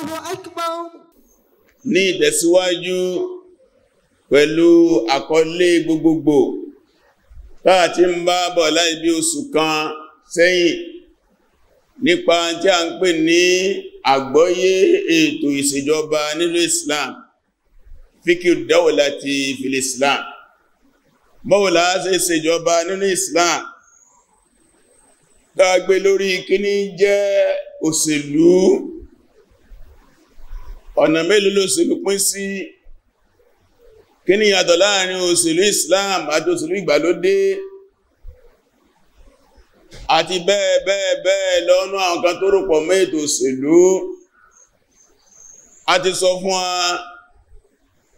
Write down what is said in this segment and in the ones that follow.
Allahu akbar. Ní ìtẹ̀síwájú pẹ̀lú àkọlé gbogbogbò táà tí ń bá bọ̀ láì bí oṣù kan sẹ́yìn nípa tí a ń pè ní àgbọ́yé ètò ìṣèjọba nílùú Islam fíkí dáwò láti fil Islam mọ́wòlá ṣe ìṣèjọba nínú Islam tàgbé lórí kíní jẹ́ òṣèlú ọ̀nà mélòó lòṣèlú pín sí kí ni yàtọ̀ láàrin òṣèlú Islam àti òṣèlú ìgbàlódé àti bẹ́ẹ̀ bẹ́ẹ̀ bẹ́ẹ̀ lọ́nà àwọn kan tó rò pọ̀ mọ́ ètò òṣèlú a ti sọ fún wa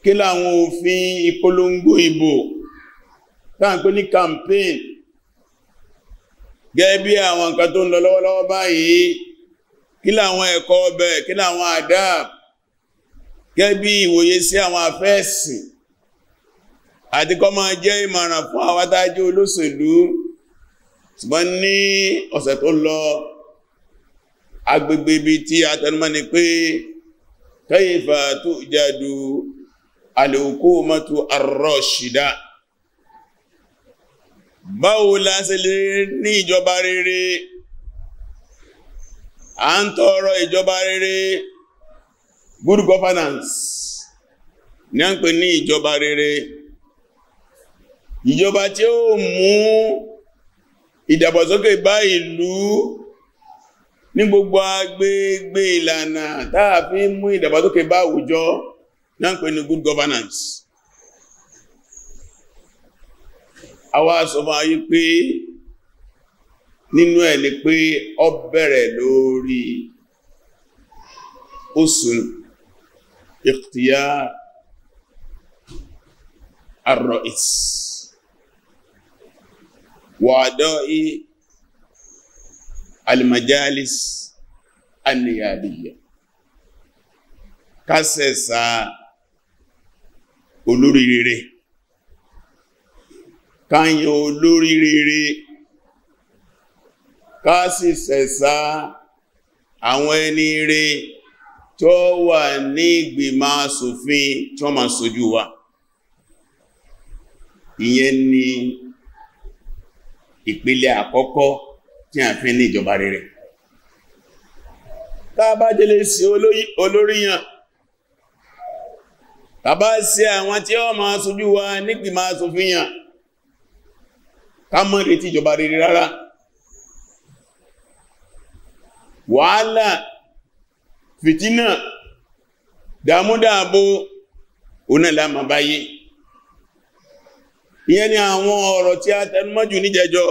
kí láwọn òfin ìpolongo ìbò táà ní campaign gẹ́gẹ́ bí àwọn nǹkan tó ń lọ lọ́wọ́lọ́wọ́ báyìí kí láwọn ẹ̀kọ́ ọbẹ̀ kí láwọn àdáàbò gẹ́gẹ́ bí ìwòye sí àwọn afẹ́ẹ̀sì àti kọ́ máa jẹ́ ìmọ̀ràn fún àwátájú olóṣèlú ṣùgbọ́n ní ọ̀sẹ̀ tó lọ agbègbè ibi tí a tẹnumọ́ ni pé kayfa tujadu al-hukumatu ar-rashida báwo la lè ní ìjọba rere à ń tọrọ ìjọba rere good governance ní à ń pè ní ìjọba rere ìjọba tí ó mú ìdàgbàsókè bá ìlú ní gbogbo agbègbè ìlànà táà fi mú ìdàgbàsókè bá àwùjọ ní à ń pè ní good governance àwa sọmọ ayé pé nínú ẹ̀ ni pé ọ bẹ̀rẹ̀ lórí oṣù اختيار الرئيس وأداء المجالس النيابية كاسسا olórí rere káyàn olórí rere ká sì sẹ̀sá àwọn ẹni rere tó wà ní ìgbìmọ̀ aṣòfin tí wọ́n máa wa ìyẹn ni ìpele àkọ́kọ́ tí a fi ní ìjọba rere tàbá délé sí olóríyàn tàbá sí àwọn tí ó ma ṣojú wa nígbìmọ̀ aṣòfin yàn ká mọ́ retí ìjọba rere rárá wàhálà fìtínà dámúdáàbò onílà ma báyé ìyẹn ni àwọn ọ̀rọ̀ tí a tẹnumọ́jù ní jẹjọ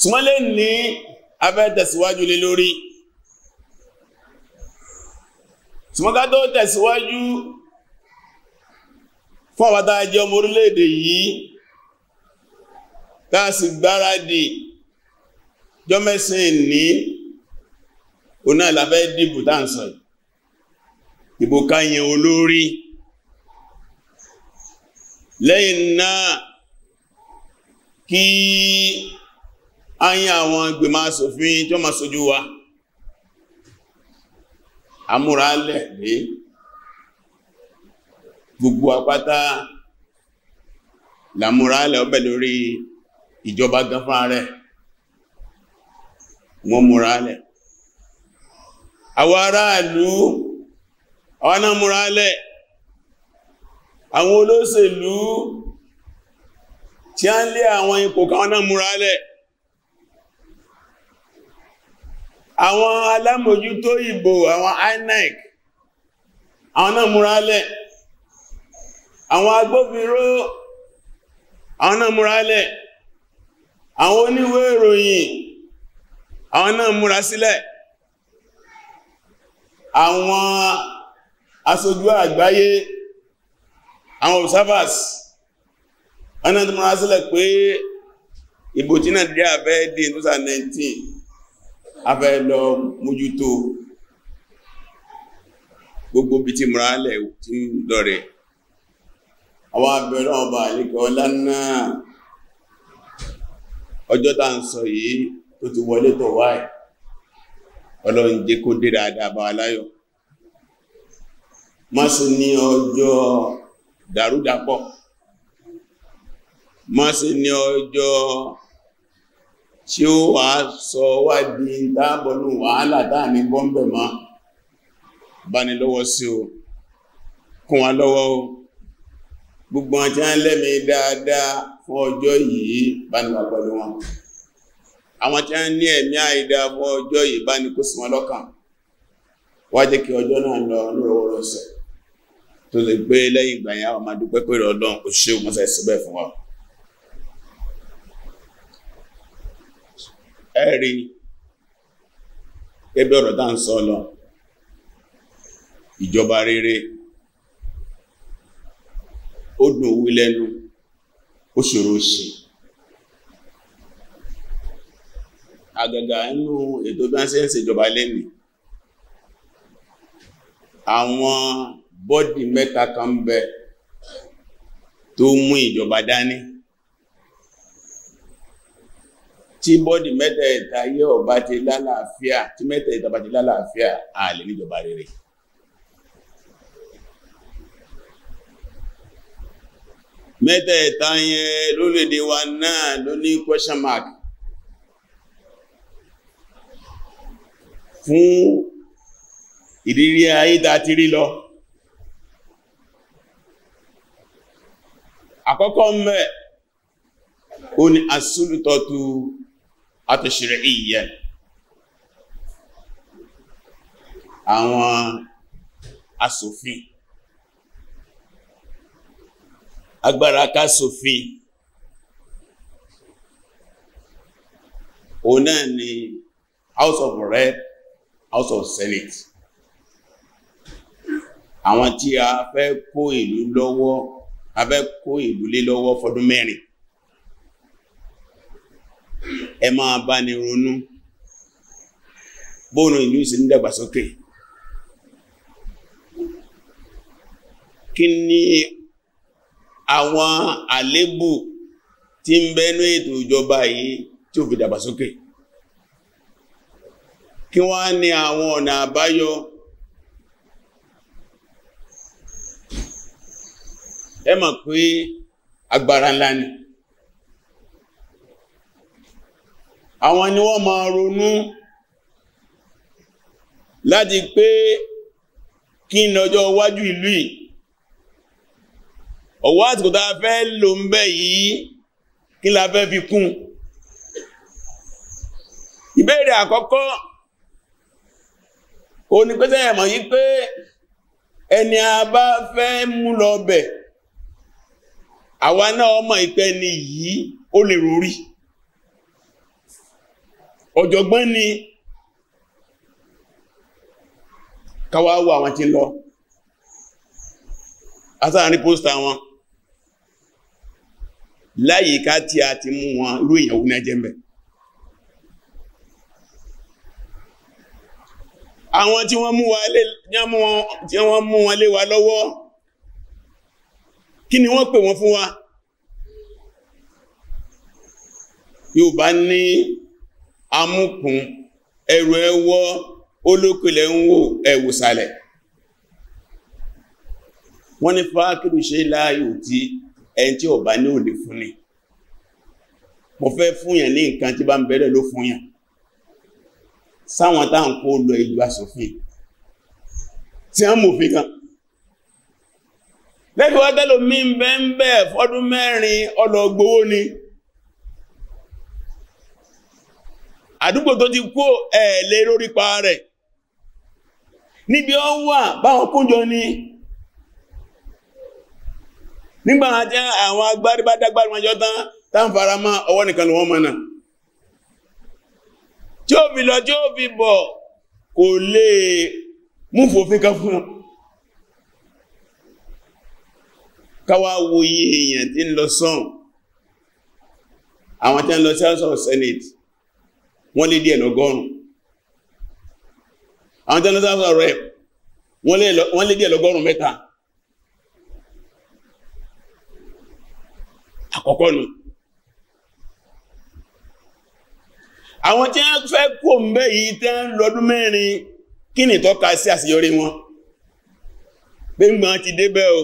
ṣùgbọ́nlẹ̀ ní abẹ́ tẹ̀síwájú lé lórí ṣùgbọ́nká tó tẹ̀síwájú fún àwátá jẹ́ ọmọ orílẹ̀-èdè yìí táà sì gbáradì jọmẹ́sìn ní o náà la fẹ́ dìbò tá à ń sọ yìí ìbò ká yan olórí lẹ́yìn náà kí a yan àwọn ìgbìmọ̀ aṣòfin tí wọ́n máa ṣojú wa amúralẹ̀ lé gbogbo àpáta làmúralẹ̀ ọbẹ̀ lórí ìjọba gánfà rẹ̀ wọ́n múralẹ̀ àwọn aráàlú àwọn náà múra lẹ̀ àwọn olóṣèlú tí a ń lé àwọn ipò káwọn náà múra lẹ̀ àwọn alámòjútó ìbò àwọn INEC àwọn náà múra àwọn agbófinró àwọn náà múra àwọn oníwé ìròyìn àwọn náà múra sílẹ̀ si àwọn aṣojú àgbáyé àwọn observers ọ̀nà tó mọ́ra sílẹ̀ pé ìbò tí náà dé àfẹ́ dé 2019 afẹ́ lọ mójútó gbogbo bí ti mọ́ra lẹ̀ tí ń lọ́rẹ̀ àwọn abẹ̀rẹ̀ ọba àlẹ́kọ̀ lánàá ọjọ́ tá ń sọ yìí tó ti wọlé tó wáyìí ọlọ́run jẹ́ kó dé dáadáa bá aláyọ̀ má ṣe ní ọjọ́ dàrúdàpọ̀ má ṣe ní ọjọ́ tí ó wà sọ wá di dáàbọ̀lù wàhálà táà ní bọ́m̀bẹ̀ má bá ní lọ́wọ́ sí o kún wa lọ́wọ́ o gbogbo àti àńlẹ́mí dáadáa fún ọjọ́ yìí bá wà pẹ̀lú wọn àwọn tí a ń ní ẹ̀mí àìdá fún ọjọ́ yìí bá ní kó sí lọ́kàn wá ọjọ́ náà lọ lórọwọ́rọsẹ̀ tó lè gbé lẹ́yìn ìgbà yẹn àwọn máa dúpẹ́ pé Ọlọ́run kò ṣe fún wa rere ó dùn lẹ́nu ó ṣòro ṣe àgàgà inú ètò bí wọ́n ṣe ń ṣèjọba lẹ́nu àwọn bọ́dì mẹ́ta kan bẹ tó mú ìjọba dání tí bọ́dì mẹ́tẹ̀ẹ̀ta yẹ́ ọba ti lálàáfíà tí mẹ́tẹ̀ẹ̀ta bá ti lálàáfíà a lè níjọba rere mẹ́tẹ̀ẹ̀ta yẹn lórílẹ̀-èdè wa náà ló ní question mark fún ìrírí ayé dáti rí lọ àkọ́kọ́ mẹ́ ó ní asúlùtọ́tù àtòṣìrẹ̀ ìyẹ àwọn asòfin agbára ká sòfin òun náà ni House of Rep House of Senate àwọn tí a fẹ́ kó ìlú lọ́wọ́ a fẹ́ kó ìlú lé lọ́wọ́ fọdún mẹ́rin ẹ máa bá ní ronú bóònù ìlú ìsìn dàgbàsókè kí ni àwọn àlébù tí ń bẹ́nú ètò ìjọba yìí tí ó fi dàgbàsókè. Okay kí wá ní àwọn ọ̀nà àbáyọ ẹ mọ̀ pé agbára ńlá ni àwọn ni wọ́n máa ronú láti pé kí ní ọjọ́ iwájú ìlú yìí ọwọ́ àtìkò tá fẹ́ lò ń bẹ̀ yìí kí la fẹ́ fi kún ìbéèrè àkọ́kọ́ ó ní pé sẹ́yẹ̀ mọ̀ yí pé ẹni a bá fẹ́ mú lọ bẹ̀ àwa náà ọmọ ìpẹ́ ni yìí ó lè rórí ọ̀jọ̀gbọ́n ni káwà wọ àwọn tí lọ asáàrin wọn láyìíká tí a ti mú wọn irú ìyàwó na ẹjẹ́ àwọn tí wọ́n mú wọn lé wa lọ́wọ́ kí ni wọ́n pè wọ́n fún wa yóò bá ní amúkùn ẹrù ẹwọ́ olókèlẹ̀ ń wò ẹwùsàlẹ̀ wọ́n ní fàákìrì ṣe láàyò tí ẹn tí ọ̀bá ní ò lè fún ni mo fẹ́ fún yàn ní nǹkan tí bá ń bẹ̀rẹ̀ ló fún yàn sáwọn táà ń kó lọ ìlú asòfin tí a mọ̀ fi kan lẹ́gbẹ̀ wá tẹ́lò mí ń bẹ́ ń bẹ́ fọ́dún mẹ́rin ọlọ́gbówó ni àdúgbò tó ti kó ẹ̀ẹ̀lẹ́ lórí pa rẹ̀ níbi ọ wà báwọn kúnjọ ni nígbà àti àwọn agbárí bá dágbárí wọn jọ tán tán fara mọ́ ọwọ́ nìkan lọ mọ́ náà tí ó fi lọ tí ó fi bọ̀ kò lè mú fòfin kan fún káwà wo iye èèyàn tí ń lọ sán àwọn tí ń lọ sí house of senate wọ́n lé díẹ̀ lọ́gọ́rùn àwọn tí ń lọ sí house of rep wọ́n lé díẹ̀ lọ́gọ́rùn mẹ́ta àkọ́kọ́ nù no. àwọn tí wọ́n fẹ́ kó ń bẹ́ yìí tẹ́ ń lọ́dún mẹ́rin kí ni tọ́ka sí àṣeyọrí wọn pé gbọ́n ti débẹ̀ o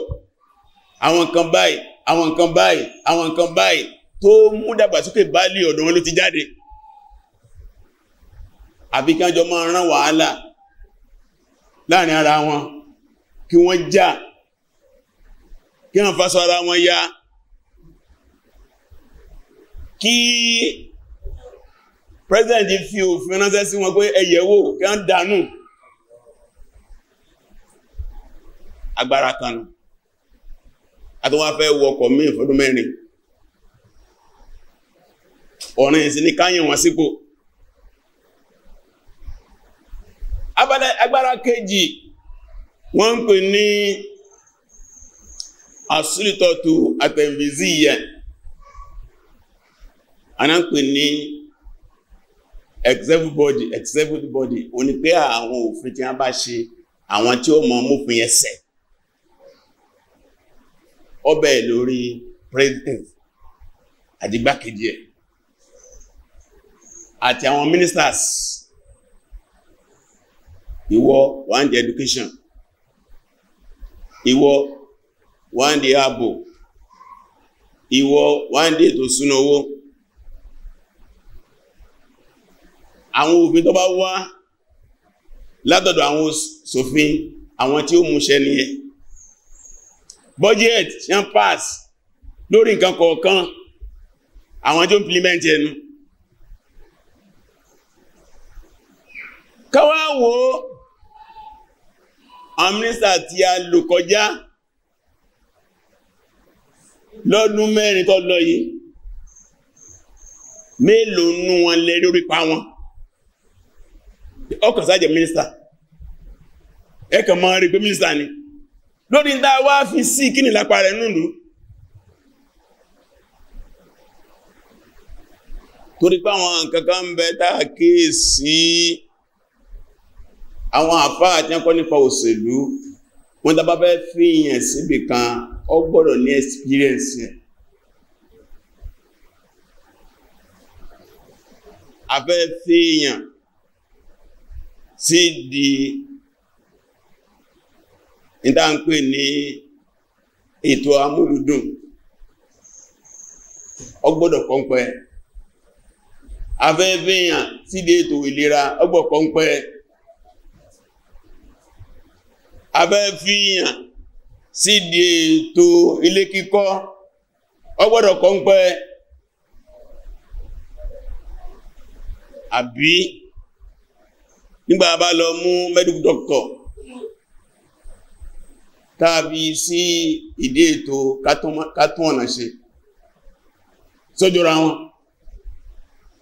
àwọn kan báyìí àwọn kan báyìí àwọn kan báyìí tó mú dàgbàsókè bá lè ọ̀dọ̀ wọn ló ti jáde àbí kí wọ́n jọ máa rán wàhálà láàrin ara wọn kí wọ́n já kí wọ́n fásọ ara wọn ya kí president fi òfin ránṣẹ́ sí wọn pé ẹyẹ̀wò kí wọ́n dànù agbára kan nù àti wọ́n fẹ́ wọ ọkọ̀ míì fọ́dún mẹ́rin ọ̀rìn ìsìn ní káyìn wọn sípò agbára kejì wọ́n ń pè ní asúlítọ́tù àtẹ̀m̀bìzíyẹ̀ a náà ń pè ní everybody everybody ó ní pé àwọn òfin tí wọ́n bá ṣe àwọn tí ó mọ mọ́fin ẹsẹ̀ ọbẹ̀ lórí president àdígbàkejì ẹ̀ àti àwọn ministers ìwọ one the education ìwọ one the abo ìwọ one the ètò ìṣúná owó àwọn òfin tó bá wá látọ̀dọ̀ àwọn ṣòfin àwọn tí ó múṣẹ nìyẹn budget yan pass lórí nǹkan kọ̀ọ̀kan àwọn tí ó implement ẹnu káwá wo àwọn mínísítà tí a lò kọjá lọ́dún mẹ́rin tó lọ yìí mélòó nú wọn lẹ́rí orí wọn ọkàn sájẹ mínísítà ẹ kàn máa rí pé mínísítà ni lórí dá wá fi sí kí ni lápá rẹ̀ nùlù torí pé àwọn kankan ń bẹ táà kíyèsí àwọn àfáà tí wọ́n nípa òṣèlú wọ́n tá bá fi yàn síbì kan ọ gbọ́dọ̀ ní experience yẹn fi yàn sí di ìdáǹpé ní ètò amúlùdùn ọgbọ́dọ̀ kọ́ńpẹ́ afẹ́fẹ́yàn sí di ètò ìlera ọgbọ̀ kọ́ńpẹ́ afẹ́fẹ́yàn sí di ètò ilé kíkọ́ ọgbọ́dọ̀ kọ́ńpẹ́ àbí nígbà bá lọ mú medical doctor tàbí sí ìdí ètò kátún ọ̀nà ṣe sójúra wọn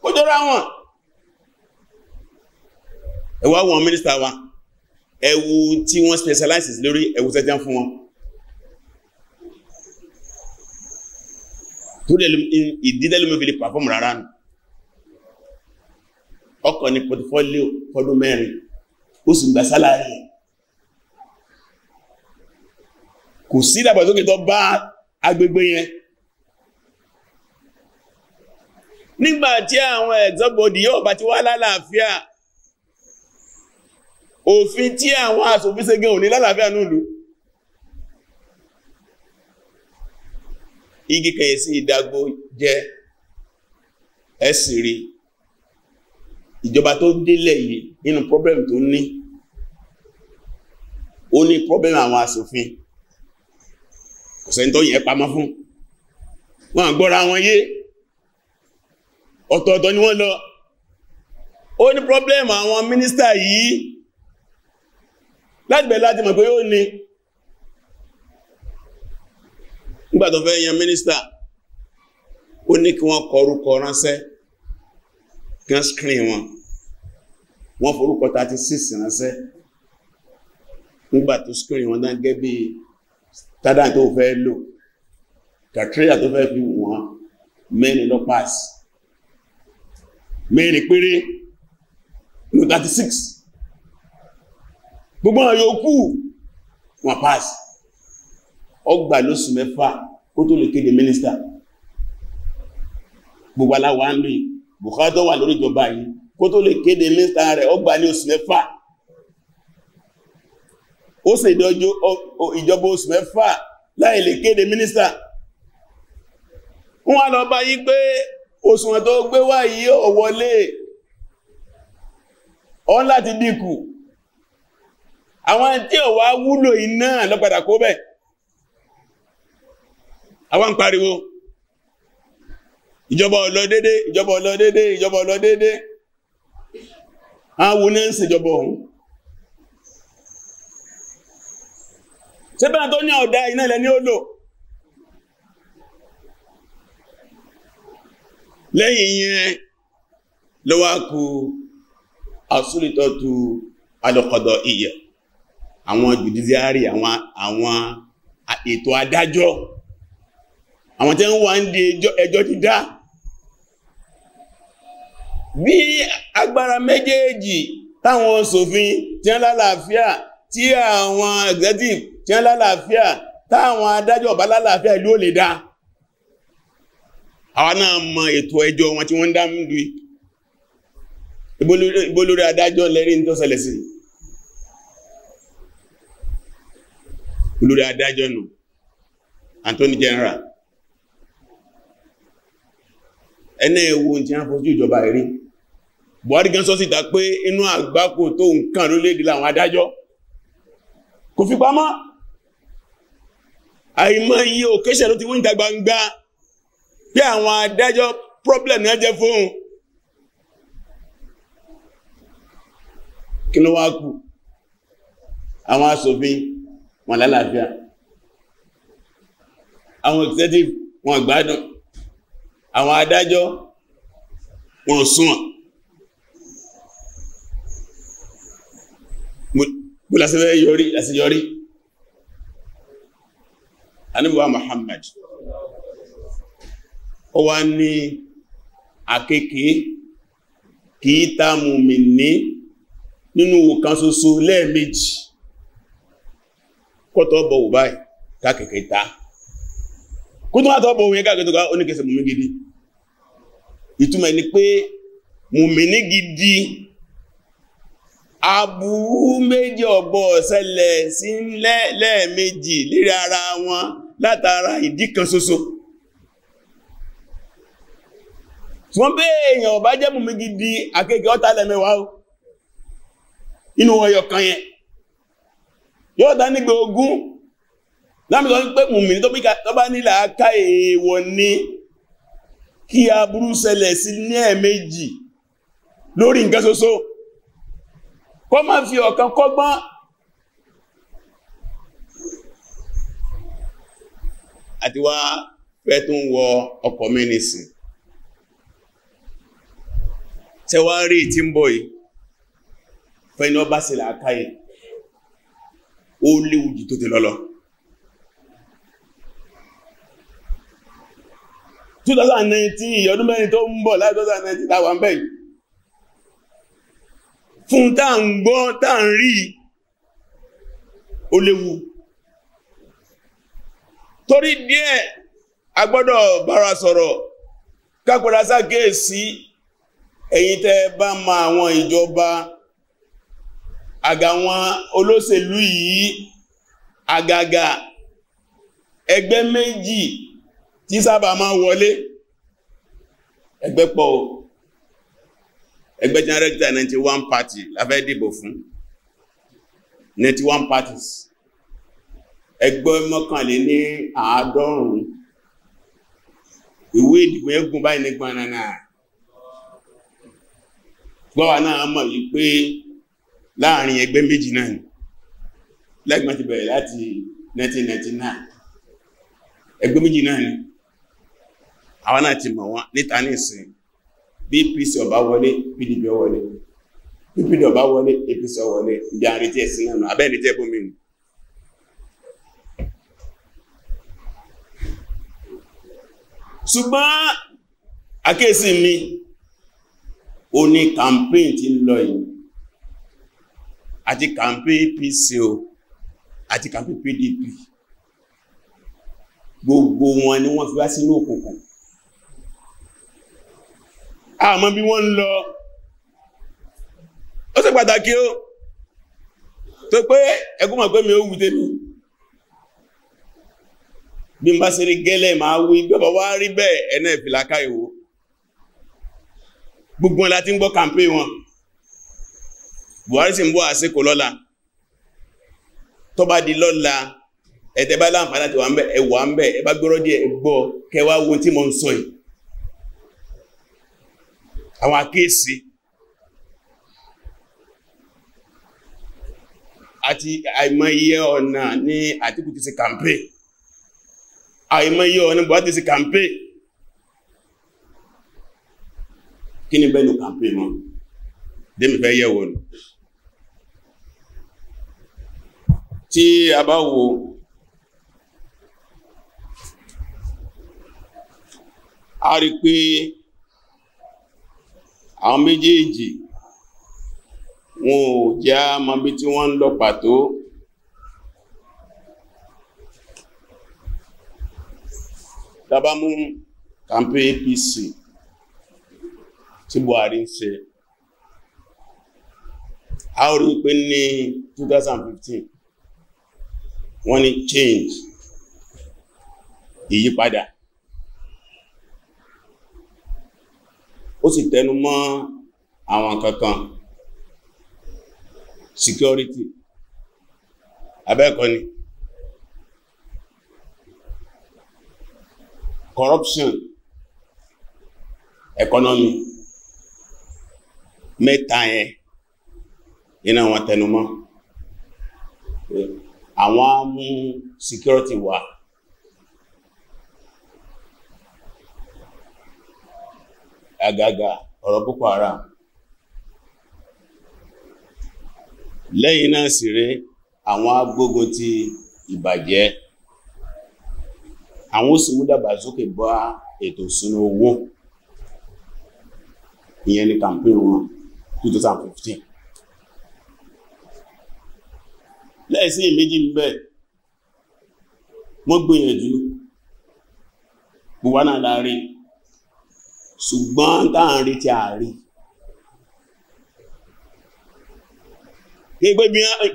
kójúra wọn ẹ wá wọn mínísítà wa ẹ wo tí wọ́n specializes lórí ẹ wo sẹ́jẹ́ fún wọn tó lẹ́lú ìdídẹ́lú mi fi lè pàfọ́mù rárá nù ọkàn ní portfolio fọdún mẹ́rin ó sì gbà sálárì kò sí ìdàgbàsókè tó bá agbègbè yẹn nígbàtí àwọn ẹ̀gbọ́bọ̀dì yóò bá ti wá lálàáfíà òfin tí àwọn aṣòfin ṣe gẹ̀ẹ́ òní lálàáfíà nùlù igi kẹ̀yẹ̀ sí ìdágbó jẹ́ ẹ̀sìrí ìjọba tó délẹ̀ yìí nínú problem tó ní ó ní problem àwọn asòfin ọ̀sẹ̀ tó yẹ pamọ́ fún wọn àgbọ́ra wọn yé ọ̀tọ̀ọ̀tọ̀ ni wọ́n lọ ó ní problem àwọn mínísítà yìí láti bẹ̀rẹ̀ láti mọ̀ pé ó ní nígbà tó fẹ́ yan mínísítà ó ní kí wọ́n kọ orúkọ ránṣẹ́ kan screen wọn wọ́n forúkọ 36 ránṣẹ́ nígbà tó screen wọn dán gẹ́ bí tádà tó fẹ́ lò kàtíríà tó fẹ́ fi wọ́n mẹ́rin lọ pass mẹ́rin péré thirty-six, gbogbo àwọn yòókù wọ́n pass ọgbà lóṣù mẹ́fà kó tó lè kéde mínísítà gbogbo aláwọ̀ á ń lò yìí Buhari tó wà lórí ìjọba yìí kó tó lè kéde mínísítà rẹ̀ ó gbà ní oṣù mẹ́fà ó sì ìdọ́jọ́ ìjọba oṣù mẹ́fà láì lè kéde mínísítà wọ́n lọ bá yí pé òṣùwọ̀n tó gbé wá yí ò wọlé ọ́n láti dínkù àwọn tí ò wá wúlò iná lọ́padà kó bẹ̀ àwọn ń pariwo ìjọba ọlọ dédé ìjọba ọlọ dédé ìjọba ọlọ dédé àwọn ní ń sin ìjọba ọ̀hún sẹ́bẹ̀rẹ̀ tó ní ọ̀dá iná ilẹ̀ ní ó lò lẹ́yìn yẹn ló wá kú asúlítọ́tù alọ́kọ̀dọ̀ ìyẹ̀ àwọn jùdíziárì àwọn ètò adájọ́ àwọn tẹ́ ń wá ń di ẹjọ́ ti dá bí agbára méjèèjì táwọn ṣòfin tí wọ́n lálàáfíà tí àwọn executive tí wọ́n lálàáfíà táwọn adájọ́ bá lálàáfíà ìlú ò lè dá àwọn náà mọ ètò ẹjọ́ wọn tí wọ́n ń dá mú ìbólórí adájọ́ lẹ́rí ní tó ṣẹlẹ̀ sí olórí adájọ́ nù Anthony General ẹni ewu tí wọ́n fojú ìjọba rí Buhari gan sọ síta pé inú àgbákò tó nǹkan lólédè láwọn adájọ́ kò fi pamọ́ àìmọ́ iye òkèṣẹ̀ ló ti wọ́n ìta gbangba pé àwọn adájọ́ problem náà jẹ́ fóun kí ló wá kù àwọn asòfin wọn lálàáfíà àwọn executive wọn gbádùn àwọn adájọ́ wọn súnwọ̀n bó lásì fẹ́ yọrí lásì yọrí Muhammad ó wá ní akéèké kìí tá mùmí ní nínú kan ṣoṣo lẹ́ẹ̀mejì kọ́tọ́ bọ̀ wù báyìí kákẹ̀kẹ́ ta kó tó wá tọ́ bọ̀ wù ká ó ní kẹsẹ̀ gidi ìtumọ̀ ni pé mùmí ní gidi aburú méjì ọ̀bọ̀ ṣẹlẹ̀ sí lẹ́ẹ̀mejì lérí ara wọn látara ìdí kan ṣoṣo wọ́n bẹ́ èèyàn ọ̀bá jẹ́ mú mi gidi akéèké ọ́tàlẹ̀ mẹ́wàá o inú ọyọ̀ kan yẹn yóò dá nígbẹ̀ ogún lámìsọ pé mùmí tó bá nílà aká èèwọ̀ ní kí aburú ṣẹlẹ̀ sí ní ẹ̀ẹ̀mejì lórí nǹkan soso kọ́ má fi ọ̀kan kọ́gbọ́n àti wá fẹ́ tó ń wọ ọkọ̀ mẹ́nìsìn tẹwà rí tí ń bọ̀ yìí fẹ́ni ọba sí làákàyè ó léwu jù tó ti lọ́lọ́ 2019 ọdún mẹ́rin tó ń bọ̀ láì 2019 láwọn bẹ́yìí fún tá à ń gbọ́ tá à ń rí ó léwu torí díẹ̀ a gbọ́dọ̀ bára sọ̀rọ̀ kápẹ́ra sákèèsí ẹ̀yin tẹ́ bá ma àwọn ìjọba àgàwọn olóṣèlú yìí àgàgà ẹgbẹ́ méjì tí sábà máa wọlé ẹgbẹ́ pọ̀ o ẹgbẹ́ general director ninety one party la fẹ́ dìbò fún ninety one parties ẹgbẹ́ mọ́kànléní àádọ́rùn-ún ìwé ìdìbò yẹn gùn báyìí ní gbanana gbọ́wà náà mọ̀ yí pé láàrin ẹgbẹ́ méjì náà lẹ́gbọ́n ti bẹ̀rẹ̀ láti 1999 ẹgbẹ́ méjì náà ni àwọn náà ti mọ̀ wọ́n níta ní ìsìn bí APC ọba wọlé PDP wọlé PDP ọba wọlé APC wọlé ibi àrètí ẹ̀sìn náà abẹ́ ẹ̀rètí ẹ̀bùn mi nù. ṣùgbọ́n àkíyèsí mi o ní campaign tí ń lọ yìí àti campaign APC o àti campaign PDP gbogbo wọn ni wọ́n fi wá sínú òkùnkùn àmọ́ bí wọ́n ń lọ ó ṣe pàtàkì ó tó pé ẹkún mọ̀ pé mi ó wùdé mi bí n bá ṣe rí gẹ́lẹ̀ máa wí gbọ́bà wá rí bẹ́ẹ̀ ẹ̀nà ìfìlàkà ìwò gbogbo wọn láti ń gbọ́ kàmpé wọn Buhari sì ń bọ́ àsìkò lọ́la tó bá di lọ́la ẹ̀tẹ̀ bá láǹfà láti wà ń bẹ̀ ẹwà ń bẹ̀ ẹbá gbọ́rọ̀ díẹ̀ gbọ́ kẹwàá wo tí mo ń sọ yìí àwọn akéèsí àti àìmọye ọ̀nà ní àtíkù ti ṣe kàmpé àìmọye ọ̀nà bọ̀ ti ṣe kàmpé kí ni bẹ́nu kàmpé mọ́ dẹ́mi fẹ́ yẹ̀wò nù tí a bá wo a rí pé àwọn méjèèjì wọn ò já mọ́bí tí wọ́n ń lọ pàtó tàbámú kàmpé APC tí Buhari ń ṣe a rí pé ní 2015 wọ́n ní change ìyípadà e sì tẹnu mọ́ àwọn kankan security abẹ́ẹ̀kọ́ ni corruption economy mẹ́ta yẹn iná wọn tẹnu mọ́ àwọn mú security wà. Wow. Agaga ọ̀rọ̀ Boko Haram lẹ́yìn náà sì ré àwọn agbógun ti ìbàjẹ́ àwọn ó sì mú dàgbàsókè bá ètò ìṣúná owó ìyẹn ni campaign wọn 2015 lẹ́ẹ̀sí ìméjì ń bẹ wọ́n gbìyànjú gbogbo náà láàrin ṣùgbọ́n tá à ń retí àárí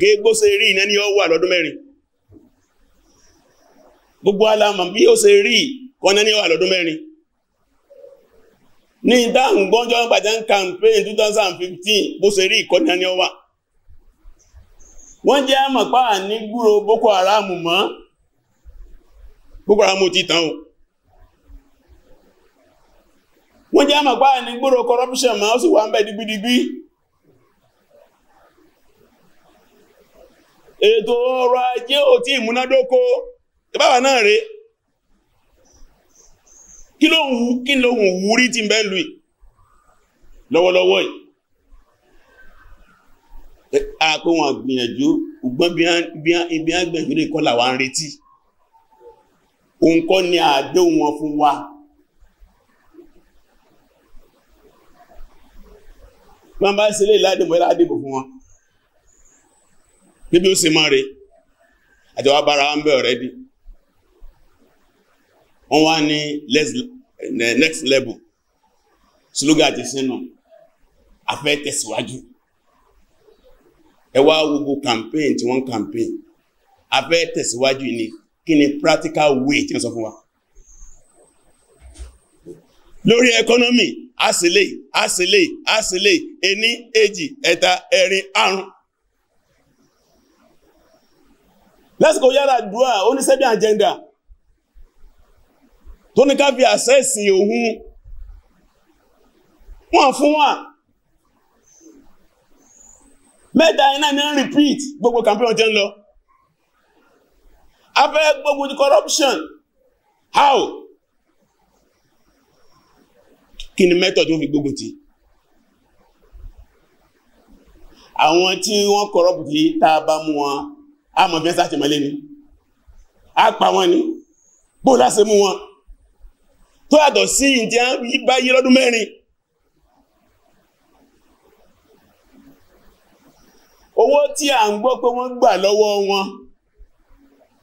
kéègbó ṣe rí iná ní ọwọ́ àlọ́dún mẹ́rin gbogbo alama bí ó ṣe rí kọ́nà ní ọwọ́ àlọ́dún mẹ́rin ní ìdá ń gbọ́njọ́ bàjẹ́ ń 2015 bó ṣe rí ìkọ́nà ní ọwọ́ wọ́n jẹ́ àmọ̀pá ní gbúrò Boko Haram mọ́ Boko Haram ti tán o wọ́n jẹ́ àmàgbà ní gbòrò corruption ma ó sì wà ń bẹ̀ digbidigbi ètò ọrọ̀ ajé ò tí ìmúnádókó ìbáwà náà rẹ̀ kí ló wù kí ló wù wúrí ti bẹ́ lùí lọ́wọ́lọ́wọ́ yìí àpé wọn gbìyànjú ṣùgbọ́n lè kọ́ làwọn retí òun kọ́ ni àdéhùn wọn fún wa máa bá ṣe lè ládìbò ládìbò fún wọn níbi ó ṣe máa rẹ̀ àjọwà bára wọn bẹ́ ọ̀rẹ́ dì wọ́n wá ní next eh, level slogan ti sínú afẹ́ tẹ̀síwájú ẹ wá gbogbo campaign tí wọ́n campaign afẹ́ tẹ̀síwájú ni kí ni practical way tí wọ́n sọ fún wa lórí economy á ṣe lè á ṣe lè á ṣe lè ení èjì ẹ̀ta ẹ̀rin àrùn. lásìkò yára dùá oníṣẹ́bí àjẹ́ndà tó ní ká fi àṣẹ́sì òun wọ́n fún wa mẹ́ta iná ní repeat gbogbo campaign ọjọ́ ń lọ afẹ́ gbogbo corruption how kí ni method wọ́n fi gbógun ti àwọn tí wọ́n kọ̀rọ̀bù tí tá a bá mú wọn a mọ̀ fẹ́ sátìmọ́lé ni a pa wọn ni bó láṣẹ mú wọn tó yàtọ̀ sí ìdí báyí lọ́dún mẹ́rin owó tí a ń gbọ́ pé wọ́n gbà lọ́wọ́ wọn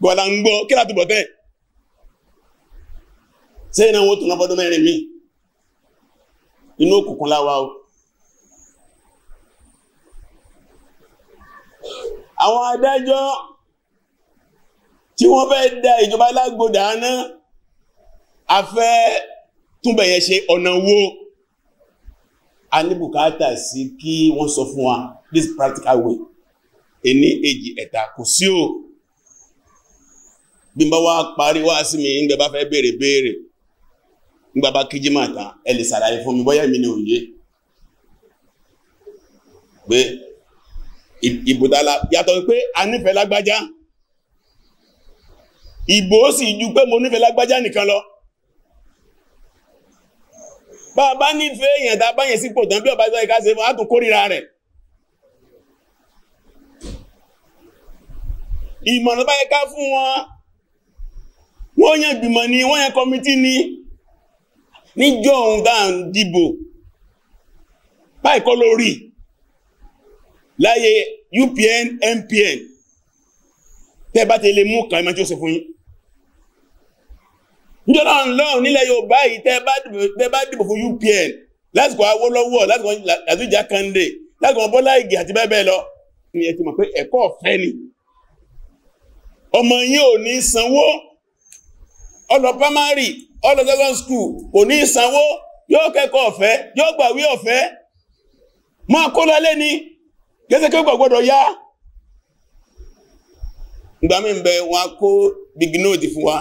gbọ́lá ń gbọ́ kí látúbọ̀tẹ́ sẹ́yìn náà wọ́n tún lọ́bọ́dún mẹ́rin míì inú òkùnkùn láwá o àwọn adájọ́ tí wọ́n fẹ́ dá ìjọba lágbòdà ná a fẹ́ túnbẹ̀yẹ ṣe ọ̀nà wo a ní bùkátà sí kí wọ́n sọ fún wa this practical way ẹni èjì ẹ̀ta kò sí o bí bá wá parí wá sí mi ń gbẹ bá fẹ́ béèrè béèrè nígbà ba kíjí máa tán ẹ lè ṣàlàyé fún mi bóyá mi ni òye pé ìbòdàlà yàtọ̀ pé a nífẹ̀ẹ́ lágbájá ìbò ó sì ju pé mo nífẹ̀ẹ́ lágbájá nìkan lọ bá a bá nífẹ̀ẹ́ èèyàn tá a bá yẹn sípò tán bí ọba ìjọba ìkásẹ̀ fún àtún kórìíra rẹ̀ ìmọ̀ràn bá yẹ ká fún wọn wọ́n yẹn gbìmọ̀ ni wọ́n yẹn kọmitì ni níjọ́ òun dá ń dìbò báìkọ́ lórí láyé UPN MPN tẹ́ bá ti lè mú kan ẹmọ tí ó ṣe fún yín níjọ́ náà lọ́rùn nílẹ̀ Yorùbá yìí tẹ́ bá dìbò fún UPN lásìkò Awólọ́wọ̀ lásìkò Àtúnjàkàndé lásìkò Bọ́lá Ìgè àti bẹ́ẹ̀ bẹ́ẹ̀ lọ ni ẹ ti mọ̀ pé ẹ̀kọ́ ọ̀fẹ́ ni ọmọ yín ò ní sanwó ọlọ primary ọlọ second school kò ní ìsanwó yóò kẹ́kọ̀ọ́ ọ̀fẹ́ yóò gbàwé ọ̀fẹ́ máa kó lálé ní gẹ́sẹ̀kẹ́kọ̀ gbọ́dọ̀ yá ìgbàmí ń bẹ wọn kó big note fún wa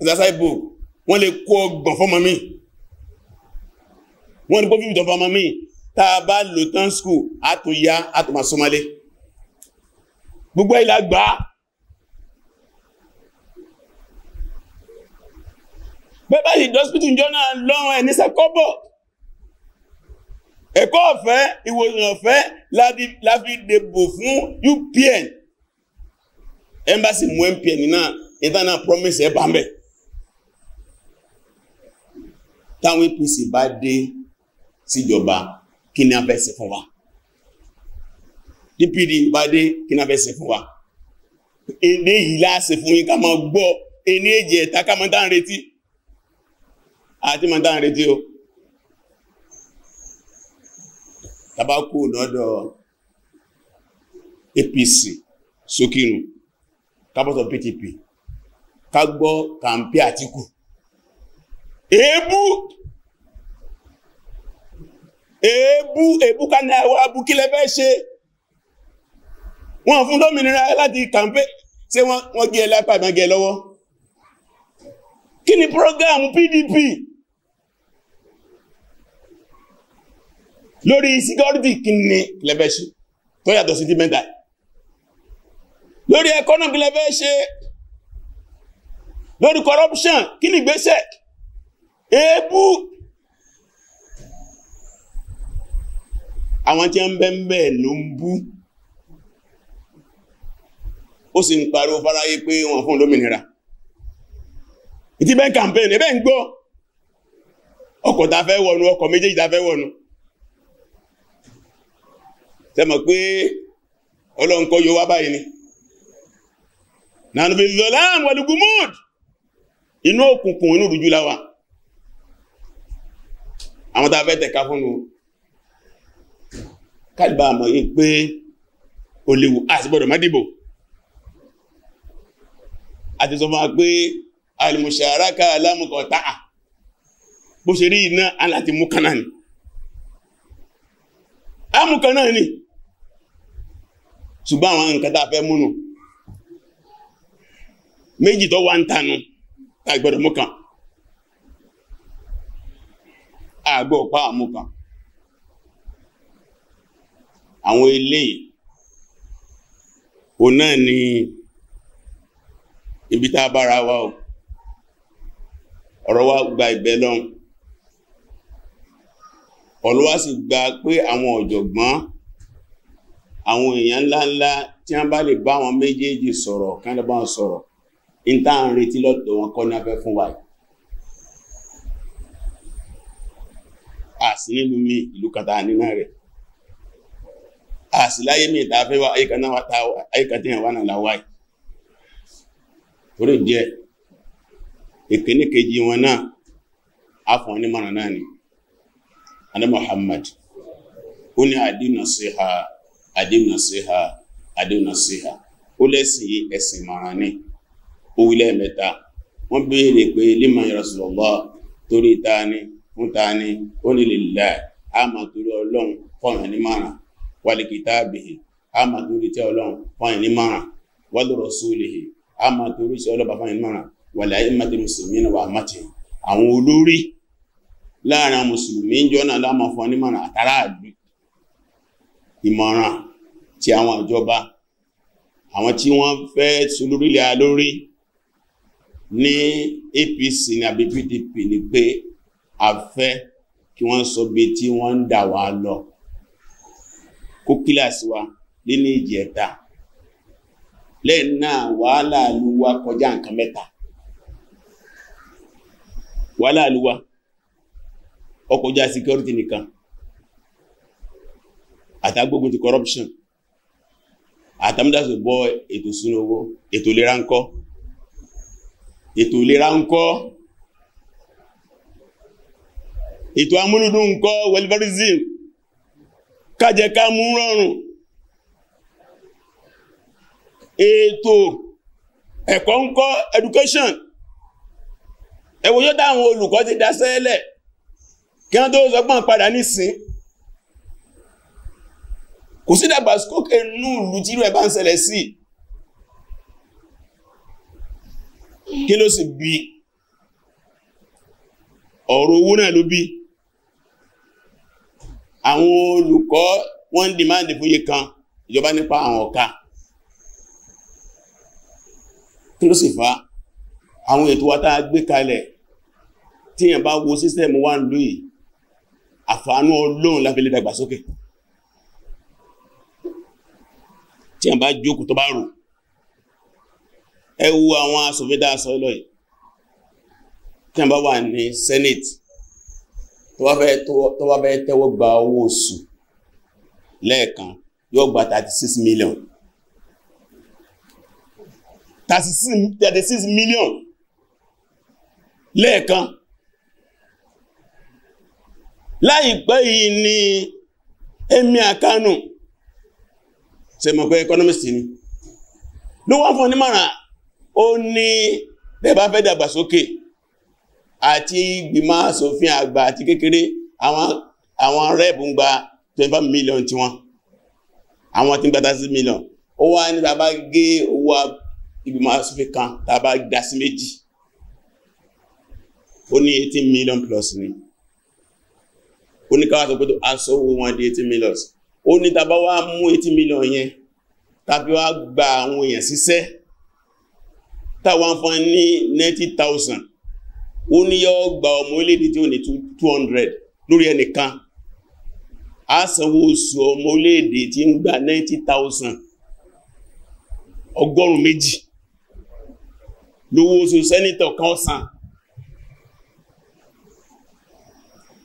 exercise book wọ́n lè kó ọgbọ̀n fọ́mọ mi wọ́n lè kó fífìtàn fọ́mọ mi tá a bá lò tán school àtúnyá àtùmàsọmọlé gbogbo ìlàgbàá bẹ́bá yìí dọ́spítù jọ náà lọ́rùn ẹ̀ níṣẹ́ kọ́bọ̀ ẹ̀kọ́ ọ̀fẹ́ ìwòsàn ọ̀fẹ́ la fi dìbò fún UPN embassy mú MPN náà ìtànà promise ẹ̀bà mẹ́ táwọn APC bá dé síjọba kí ni a fẹ́ ṣe fún wa DPD bá dé kí ni a fẹ́ ṣe fún wa èdè yìí láàṣẹ fún yín ká máa gbọ́ ẹni èjì ẹ̀ta ká máa tá ń retí àti ma dáa retí o tàbá kú lọ́dọ̀ APC sókínù kábọ̀tọ̀ PTP ká gbọ́ kàmpí Àtíkù èébú èébú èébú ká ní ẹwà abú kí lẹ́fẹ́ ṣe wọ́n fún lómìnira láti kàmpé ṣé wọ́n gẹ́ ẹlẹ́pàá ìgbàgẹ́ lọ́wọ́ kí ni program PDP lórí security kìíní lẹ́fẹ́ ṣe tó yàtọ̀ sí sentimental lórí economy lẹ́fẹ́ ṣe lórí corruption kí ni ìgbésẹ̀ èébú àwọn tí a ń bẹ́m̀bẹ̀ ló ń bú ó sì ń pariwo fáráyé pé wọ́n fún lómìnira ìtí bẹ́ẹ̀ campaign ẹ̀bẹ́ ń gbọ́ ọkọ̀ fẹ́ wọnú ọkọ̀ méjèèjì ta fẹ́ wọnú tẹ́mọ̀ pé ọlọ́nkọ́ yóò wá báyìí ni nàánúfẹ́ ìzọ̀láàmù wàlúgúmùd inú òkùnkùn inú rújú láwà àwọn tàbẹ́ tẹ̀ka fún un kálìbà àmọ̀ yí pé o léwu àsìbọ̀dọ̀ má dìbò àti sọ fún wa pé alìmùsàárá ká bó ṣe rí iná aláti mú kanáà ni ámù kan náà ni ṣùgbọ́n àwọn nǹkan tá a méjì tó wá ń tanu tá ni ibi tá a bára wa gba ìbẹ̀ lọ́hùn ọ̀lọ́wà sì gba pé àwọn ọ̀jọ̀gbọ́n àwọn èèyàn ńláńlá tí wọ́n bá lè bá wọn méjèèjì sọ̀rọ̀ kán bá wọn sọ̀rọ̀ ní tá ń retí wọn kọ́ ní afẹ́ fún wa yìí nínú mi ìlú kàtà nínú rẹ̀ àsì láyé mi wa ayíkàtíyàn náà láwáyìí torí jẹ́ ìkíníkejì wọn náà afọ̀ ni. ana Muhammad ó ní adim nasiha adim nasiha adim nasiha ó lẹ́sìn yìí ẹ̀sìn màrán ní ó wí lẹ́ẹ̀mẹ́ta wọ́n béèrè pé liman ya Rasulullah torí ta ni fún ta ni ó ní lillah a máa torí ọlọ́run fọ̀ràn ní màrán wal kitabihi a máa torí tí ọlọ́run fọ̀ràn ní màrán wal rasulihi a tí ọlọ́run fọ̀ràn ní màrán wal a'immati muslimina wa ammatihi àwọn olórí láàrin mùsùlùmí jọ́nà láàmà fún onímọ̀ràn àtàrà àgbì ìmọ̀ràn ti àwọn ìjọba àwọn tí wọ́n fẹ́ solórílẹ̀ alórí ní APC ní àbí ni pé a fẹ́ kí wọ́n sọ bí tí wọ́n ń dà wá lọ kó kíláàsì wa nínú ìjẹta lẹ́yìn náà wàhálà àlúwa kọjá nǹkan mẹ́ta wàhálà àlúwa ọkọjá security nìkan àtàgbógun ti corruption àtàmúdásù bọ́ ètò ìṣúná owó ètò ìlera ń kọ́ ètò ìlera ń kọ́ ètò amúlùdún ń kọ́ kájẹ ká mú rọrùn ètò ẹ̀kọ́ ń education ẹ̀wọ̀n yóò dáwọn olùkọ́ ti dá sẹ́lẹ̀ kí wọ́n tó sọgbọ́n padà nísìn kò sí dàgbàsókè nú ìlú tí irú ẹ̀ bá ń ṣẹlẹ̀ sí kí ló sì bí ọ̀rọ̀ owó náà ló bí àwọn olùkọ́ wọ́n ń dìmáàdì fún iye kan ìjọba nípa àwọn ọ̀ka kí ló sì fa àwọn ètò wa tá a gbé kalẹ̀ tí èèyàn bá wo sísẹ́mù wà ń lú àfàánú ọlọ́run la fi lè dàgbàsókè tí a bá jókòó tó bá rò ẹ wo àwọn asòfin dá aṣọ ìlọ yìí tí a bá wà ní senate tó bá fẹ́ tẹ́wọ́ gba owó oṣù lẹ́ẹ̀kan yóò gba 36 million 36 million lẹ́ẹ̀kan láìpẹ́ yìí ni Emir Kano ṣe mọ̀ pé economist ni ló wá fún onímọ̀ràn ó ní bẹ́ẹ̀bá fẹ́ dàgbàsókè àti gbìmọ̀ aṣòfin àgbà àti kékeré àwọn rẹ́ẹ̀bù ń gba 25 million tí wọ́n àwọn tí ń gbata sí million ó wá ní tàbá gé owó ìgbìmọ̀ aṣòfin kan tàbá dá méjì ó ní 18 million plus ni ó ní káwà sọ pé aṣọ́wó wọn di 80 million ó ní tàbá wá mú 80 million yẹn tàbí wá gba àwọn èèyàn síṣẹ́ táwọn fún ní 90,000 ó ní yọ́ gba ọmọ orílẹ̀-èdè tí ó ní 200 lórí ẹnìkan a sanwó oṣù ọmọ orílẹ̀-èdè tí ń gba 90,000 ọgọ́rùn-ún méjì lówó oṣù sẹ́nitọ̀ kan ọ̀sán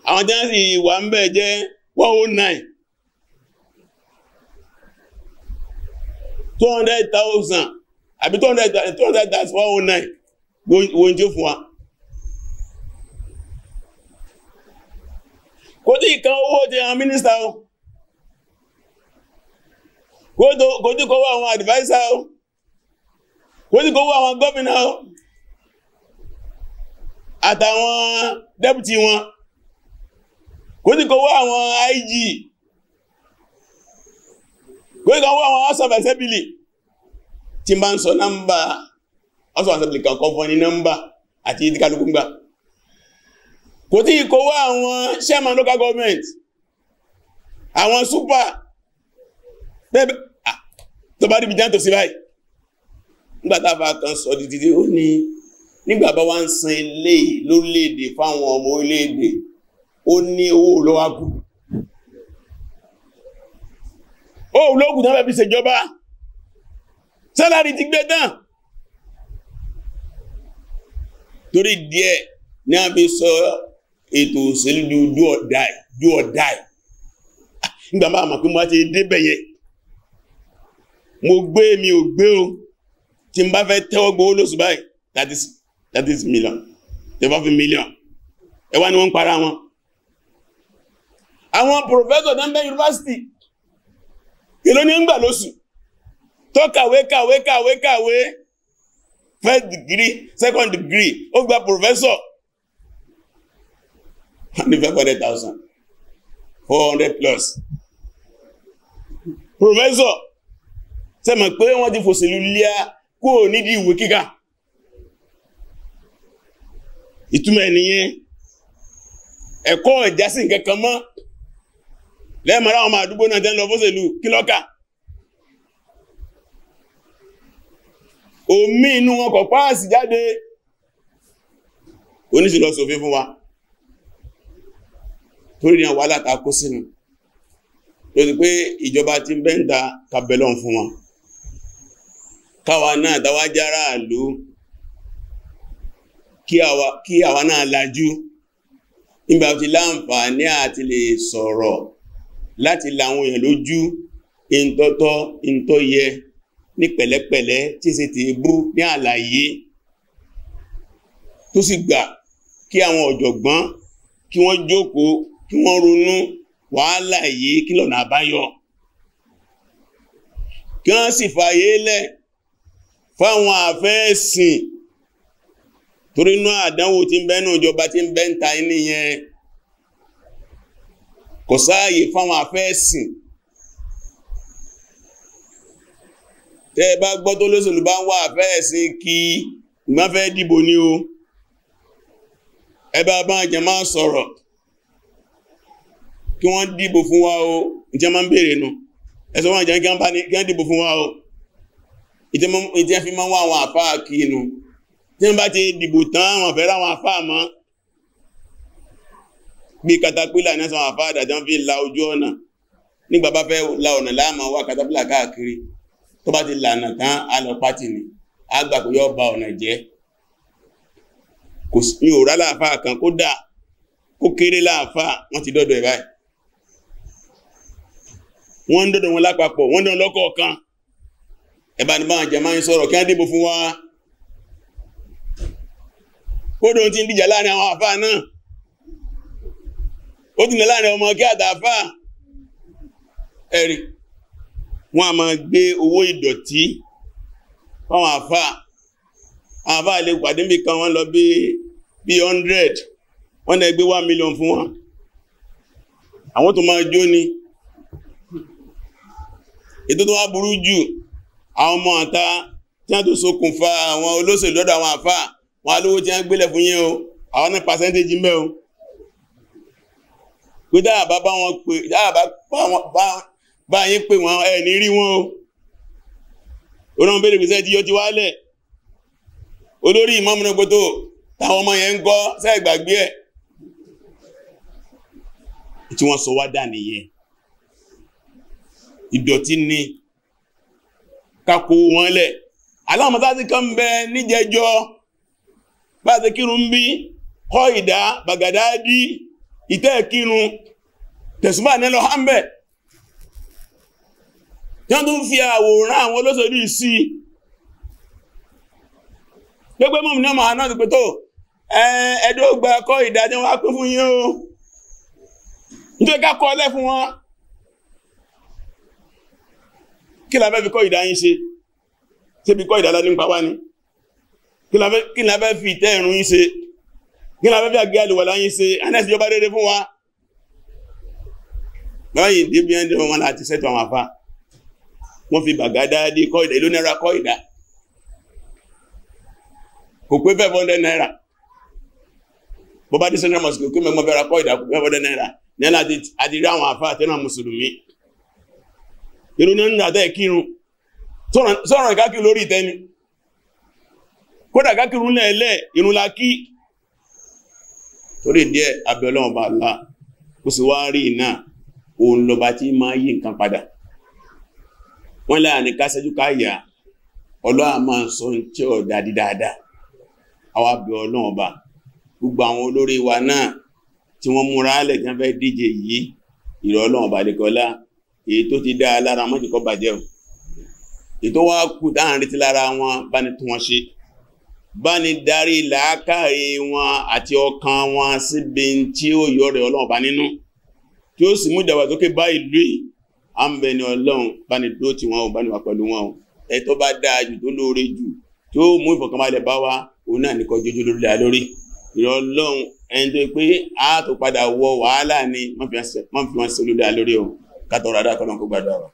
àwọn tí wọ́n sì wà ń bẹ̀ jẹ́ one oh nine two hundred thousand àbí two hundred two hundred thousand one oh nine wo ń jó fún wa. kò tí ì kan owó ti àwọn mínísítà o kò tí kọ́wọ́ àwọn àdìváísà o kò tí kọ́wọ́ àwọn gómìnà o àtàwọn dẹ́pùtì wọn kó ní kó wá àwọn IG kó ní kó wá àwọn house of assembly tí bá ń sọ nọ́mbà house of assembly kankan fún ní nọ́mbà àti ìdíkàlùkù gbà kò tí kó wá àwọn chairman local government àwọn super bẹ́ẹ̀ tó bá rí bí jántò sí báyìí nígbàtàfà kan sọ dìdìdì ó ní nígbàbá wá ń san ilé lórílẹ̀-èdè fáwọn ọmọ orílẹ̀-èdè ó ní owó olówákù ó olóògùn tán bẹ̀bí ṣèjọba sálárì ti gbé tán torí díẹ̀ ní a fi sọ ètò òṣèlú ju ọ̀dáì ju ọ̀dáì nígbàmá àmà pé mo ti débẹ̀ yẹn mo gbé mi ò gbé o tí n bá fẹ́ tẹ́wọ́ gbówó lóṣù báyìí that is that is million tẹ́wọ́ fi million ẹwà ni wọ́n ń para wọn àwọn pòròfẹ́sọ̀ tó ń bẹ yunifásitì èló ní ń gbà lóṣù tó kàwé kàwé kàwé kàwé first degree second degree ó gba professor? one hundred five hundred thousand four hundred plus pòròfẹ́sọ̀ sẹ́mọ̀ pé wọ́n ti fòṣèlú líà kó nídìí ìwé kíkà ìtumọ̀ ẹ̀ nìyẹn ẹ̀kọ́ ìjásí nǹkan kan mọ́ lẹ́ẹ̀mọ́ra mara àdúgbò náà na lọ fóṣèlú kí omi inú wọn kọ̀ páàsì jáde oníṣìlọ fún wa torí ní àwọn alátakó sínú tó ti pé ìjọba ti bẹ́ǹta kàbẹ̀lọ́n fún wọn káwa náà tàwà jára àlú kí àwa náà lajú láti la àwọn èèyàn lójú ìntọ́tọ́ ìntọ́yẹ ní pẹ̀lẹ́pẹ̀lẹ́ tí ṣe ti bú ní àlàyé tó sì gbà kí àwọn ọ̀jọ̀gbọ́n kí wọ́n jókòó kí wọ́n ronú wàhálà yìí kí lọ̀nà àbáyọ kí wọ́n sì fàyé lẹ̀ fáwọn àfẹ́ẹ̀sìn torínú àdánwò tí ń bẹ́nu ìjọba tí ń bẹ́ǹta ní yẹn kò sáàyè fáwọn afẹ́ẹ̀sìn tẹ́ ẹ bá gbọ́ tó lóṣèlú bá ń wá afẹ́ẹ̀sìn kí ìgbọ́n fẹ́ dìbò ní o ẹ bá bá jẹ máa sọ̀rọ̀ kí wọ́n dìbò fún wa o ìjẹ́ máa ń bèèrè nù ẹ̀sọ́ wọn jẹ́ kí wọ́n dìbò fún wa o ìjẹ́ fi máa ń wá àwọn àfáà kí inú tí wọ́n bá ti dìbò tán àwọn àfẹ́rẹ́ àwọn àfáà máa bí katapila ní sọ àfáàdà jọ fi la ojú ọ̀nà nígbà bá fẹ́ la ọ̀nà láàmà wá katapila káàkiri tó bá ti lànà tán alọ́pàtì ni àgbà kò yọ́ ba ọ̀nà jẹ́ kò ní òrá láàfá kan kó dà kó kéré láàfá wọ́n ti dọ́dọ̀ ẹ̀ báyìí wọ́n ń dọ́dọ̀ wọn lápapọ̀ wọ́n dọ́dọ̀ lọ́kọ̀ọ̀kan ẹ̀bá ní báwọn jẹ́má ń sọ̀rọ̀ kí á dìbò fún wa kódò ti ń dìjà láàrin àwọn àfáà náà ó ti ní láàrin ọmọ kí àtàfà ẹ̀rì wọ́n a máa gbé owó ìdọ̀tí fáwọn àfà àfà lè pàdé bí kan wọ́n lọ bí bí 100 wọ́n lè gbé 1 million fún wọn àwọn tó máa jó ni ètò tó wá burú jù àwọn ọmọ àta tí wọ́n tó ṣokùnfà àwọn olóṣèlú lọ́dọ̀ àwọn àfà wọn alówó tí wọ́n gbélẹ̀ fún yín o àwọn ní pàṣẹ́ntéjì mẹ́ o pé dáàbá bá wọn pè dáàbá bá yín pè wọn ẹ̀ ní rí wọn o oran bèèrè pèsè tí yọ ti wálẹ̀ olórí ìmọ̀mùnà gbótó táwọn ọmọ yẹn ń gọ́ sẹ́gbàgbé ẹ̀ tí wọ́n sọ wá dà nìyẹn ìdọ̀tí ni kakò wọn lẹ̀ aláàmọ́sáti kan ń bẹ níjẹjọ́ bá ti kírun bí kọ́ ìdá bàgàdá dí ìtẹ́ ìkírun tẹ̀sùmá nílọ hambẹ̀ tí wọ́n tún fi àwòrán àwọn olóṣèlú sí gbogbo mú ní ọmọ àná ti pé ẹ̀ẹ́dọ́ gba kọ́ o nítorí ká ọlẹ́ fún wọn kí la fẹ́ fi kọ́ ìdáyín ṣe ṣe ṣe kí la fẹ́fẹ́ gbé àlùwàlá yín ṣe anẹ́sì jọba rere fún wa lọ́yìn dí bí ẹni wọn láti sẹ́tọ̀ àwọn afá wọ́n fi bàgádá dí kọ́ ìdá ìlú náírà kọ́ ìdá kò pé 500 náírà bó bá dé central mosque kí mẹ́mọ́ fẹ́ra kọ́ ìdá kò pé 500 náírà ní àti rí àwọn afá àtẹ́nà mùsùlùmí irú ní ọ̀nà àtẹ́ kírun sọ̀rọ̀ ìkákí lórí ìtẹ́ni kódà kákírun lẹ́ẹ̀lẹ́ ìrùn la kí torí díẹ̀ abẹ́ ọlọ́run bá lá kó sì wá rí iná òun lọba tí máa yí nǹkan padà wọ́n láà ní ká ṣẹ́jú káyà ọlọ́run máa ń sọ tí ọ̀dà di dáadáa àwa bẹ̀ ọlọ́run bá gbogbo àwọn olórí wa náà tí wọ́n múra lẹ̀ tí wọ́n fẹ́ díje yìí ìrọ̀ ọlọ́run bá lẹ́kọ́lá èyí tó ti dá lára mọ́jìkọ́ bàjẹ́ èyí tó wá kù dáhàrin ti lára wọn bá ní tún wọn ṣe bá ní darí làákàrí wọn àti ọkàn wọn síbi tí ó yọ rẹ̀ ọlọ́run bá nínú tí ó sì mú ìdàgbàsókè bá ìlú yìí à ń bẹ ní ọlọ́run bá ní dúró tí wọn ò bá ní wà pẹ̀lú wọn o ẹ tó bá dáa jù tó lóore jù tí ó mú ìfọ̀kànbalẹ̀ bá wa òun náà nìkan jójó lórí la lórí ìrọlọ́run ẹni tó pé a tó padà wọ wàhálà ni wọ́n fi wọ́n sí lórí o kátọ̀rọ̀ adákọ̀ọ́nà kó gbàdọ̀ ọ̀rọ̀